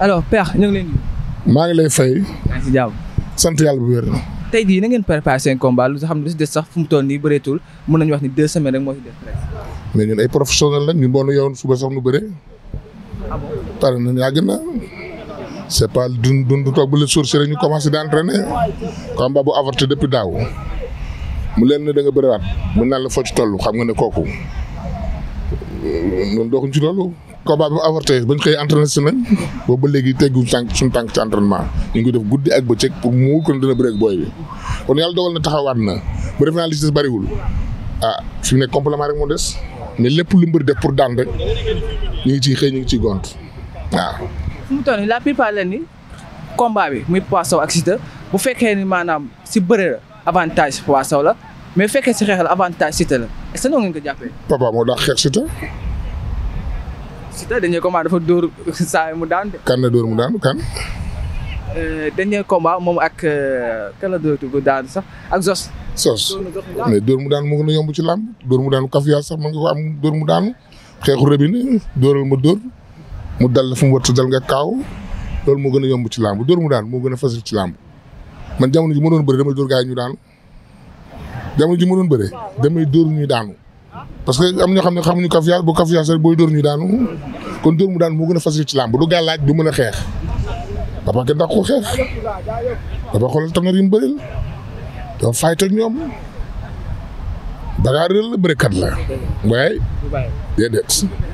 alors père ñu ngi leen di. maa ngi lay fay. maa sant yàlla bu wér. tey jii na ngeen préparé seen combat lu xam ne lu si des sax fu mu toll nii bëreetul mën nañu wax ni deux semaines rek moo si des rek. mais ñun ay professionnels lañ ñu boonu yowoon suba sax nu bëre. Ah pare nañ yàgg na. c' est pas du du toog ba le source rek ñu commencé di entraîner. combat bu avorté depuis daaw. mu leen ne da nga bëriwaat. mu naan la foo ci toll xam nga ne kooku. noonu doxuñ ci loolu. combat bi mu avorté bañ koy entraîné si nañ boobu ba léegi teggu tànk suñu tànk ci entraînement ñu ngi def guddi ak bëccëg pour mu wóor ko ne booy bi kon yàlla dogal na taxawaat na ba def naa li ci ah fi mu nekk complément moo des mais lépp lu mbër def pour daan ñu ngi ciy xëy ñu ngi ciy gont waaw. fu mu toll ni combat bi muy poisson ak Siteu bu fekkee ni maanaam si bëre la avantage poisson la mais fekkee si xeex la avantage Siteu la est ce que noonu ngeen ko jàppee. papa moo daax xeex Siteu Siteu dernier combat dafa dóor saa mu daan de. kan la dóor mu daan kan. Euh, dernier combat moom ak euh, kan la dóor bu daan sax ak Zos. Zos mais dóor mu daan moo gën a yomb ci làmb dóor mu daan kafiya sax mën nga mu daanu xeexu rëbine dóoral ma dóor mu dal fu mu war dal nga kaaw loolu moo gën a yomb ci làmb dóor mu daan moo gën a facile ci làmb man jamono ji ma doon bëri dóor gaa ñu daanu jamono ji ma doon bëri damay dóor ñuy daanu. parce que am ñoo xam ne xam ñu bu cafouillage rek booy dóor ñu daanu kon dóor mu daanu moo gën a fas ci làmb du gàllaaj du mën a xeex dafa gën dàqu xeex dafa xoolal tonnerre yi mu bëril dafa fayt ñoom dagaa réel la bërekat la waaye déedéet.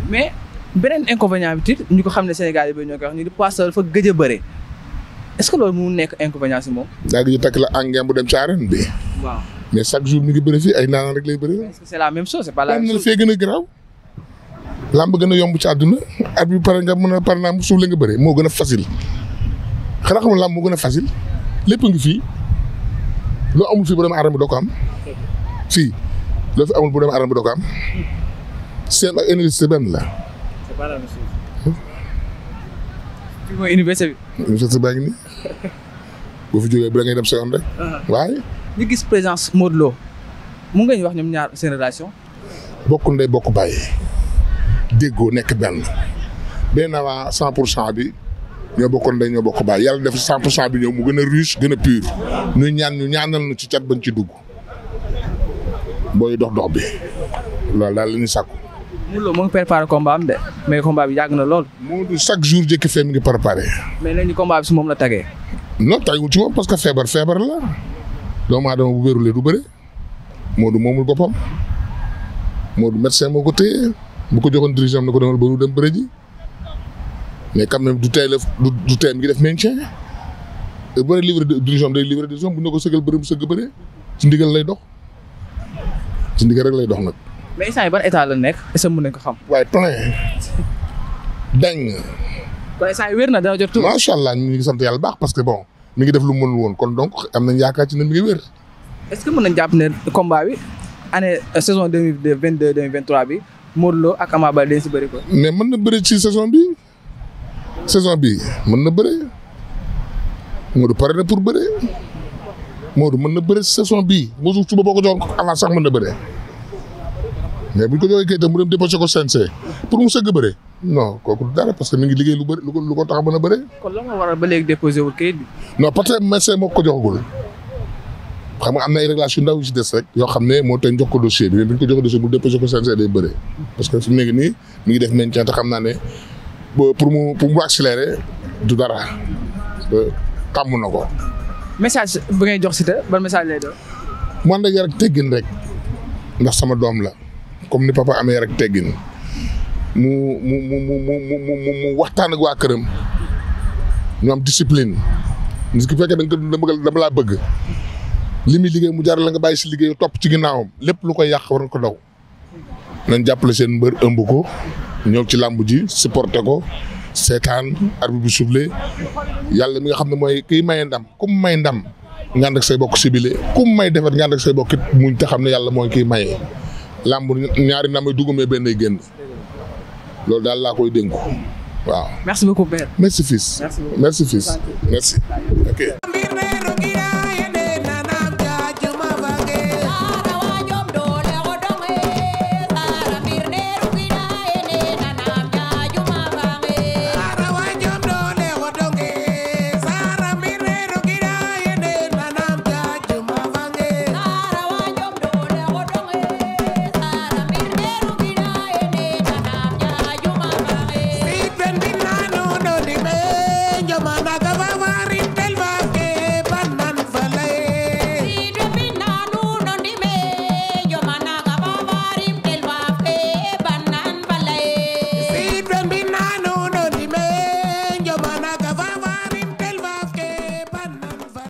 mais beneen inconvénient bi tit ñu ko xam ne Sénégal yi ñoo koy ñu di Pastef dafa gëj a bëre est-ce que loolu mu nekk inconvénient si moom. daa gëj a takk la engrais bu dem ci arène bi mais chaque jour mi ngi bëri fii ay naanaan rek lay bëri. est-ce que c'est la même chose fee gën a garaw làmb gën a yomb ci àdduna at bi pare nga mën a par naam suuf la nga bëri moo gën a facile xanaa xam làmb moo gën a facile lépp ngi fii loo amul fii bu demee arène bi doo ko am si loo fi amul bu demee arène bi doo ko am seen ak université benn la. c'est pas la même chose. fii mooy bi. université baa ngi nii boo fi jógee bi da ngay dem seconde rek ah. ñu gis présence Modou mu nga ñu wax ñoom ñaar seen relation. bokk ndey bokk bàyyi déggoo nekk benn na waa 100 pour cent bi ñoo bokkoon ndey bokk bàyyi yàlla def 100 pour cent bi ñëw mu gën a riche gën a pur ñu ñaan ñu ñaanal ñu ci cat bañ ci dugg booy dox dox bi loolu daal la ñuy sàkku. Modou Lo mu ngi préparé mais combat bi na lool. Modou chaque jour jëkk fee mi ngi préparé. mais léegi combat bi moom la tagee. non tagewul ci moom parce que feebar feebar la. doomu aadama bu wérulee du bëre Modou moomul boppam moo Modou médecin moo ko téye bu ko joxoon dirigeant am na ko demal ba dem bëre ji mais quand même du tey la du du tey mi def maintien te bu dee livre dirigeant day livre dirigeant bu ko sëgal bëre mu sëgg bëre ci ndigal lay dox ci ndigal rek lay dox nag. mais instant yi ban état la nekk est-ce que xam. waaye plein dañ. kon instant yi wér na allah ñu ngi sant yàlla baax parce que bon. mi ngi def lu mu mënul woon kon donc am nañ yaakaar ci na mi ngi wér. est-ce que mën nañ jàpp ne combat bi année euh, saison deux mille vingt deux deux trois bi Modou Lo ak Ama Baldé dañ si mais mën na bëri ci saison bi saison bi mën na bëri Modou pare na pour bëri Modou mën na bëri saison bii mosu suba boo ko jox avance sax mën na bëri mais bu ñu ko joxee mu dem déposé ko CNG pour mu sëgg bëri. non kooku dara parce que mi ngi liggéey lu bëri lu ko lu ko tax a a bëre. kon lan ba léegi déposé wul kayit bi. non parce que médecin moo ko nga am na ay réglations ndaw yu si rek. yoo xam ne moo tax jox ko dossier bi mais bu ñu ko jox dossier bu déposé day bëre. parce que fi mu nii mi ngi def maintien te xam naa ne pour mu pour mu accélérer du dara parce na ko. message ba ngay jox si te ban message lay doon. mu ànd ak teggin rek ndax sama doom la comme ni papa amee yar teggin. mu mu mu mu mu mu mu waxtaan ak waa këram ñu am discipline parce que bu fekkee da nga ko laa bëgg li muy mu jar la nga bàyyi si liggéey topp ci ginnaawam lépp lu koy yàq war ko daw. nañ jàppale seen mbër ëmb ko ñëw ci làmb ji supporté ko seetaan arbitre bi soufflé yàlla mi nga xam ne mooy kiy maye ndam ku may ndam. nga ànd say bokk sibile ku may defet nga ànd ak say bokkit muñ te xam ne yàlla mooy kiy maye làmb ñaari ndamay dugg mais benn génn loolu daal laa koy dénku waaw. merci beaucoup père. merci fils. merci beaucoup merci fils. merci. ok.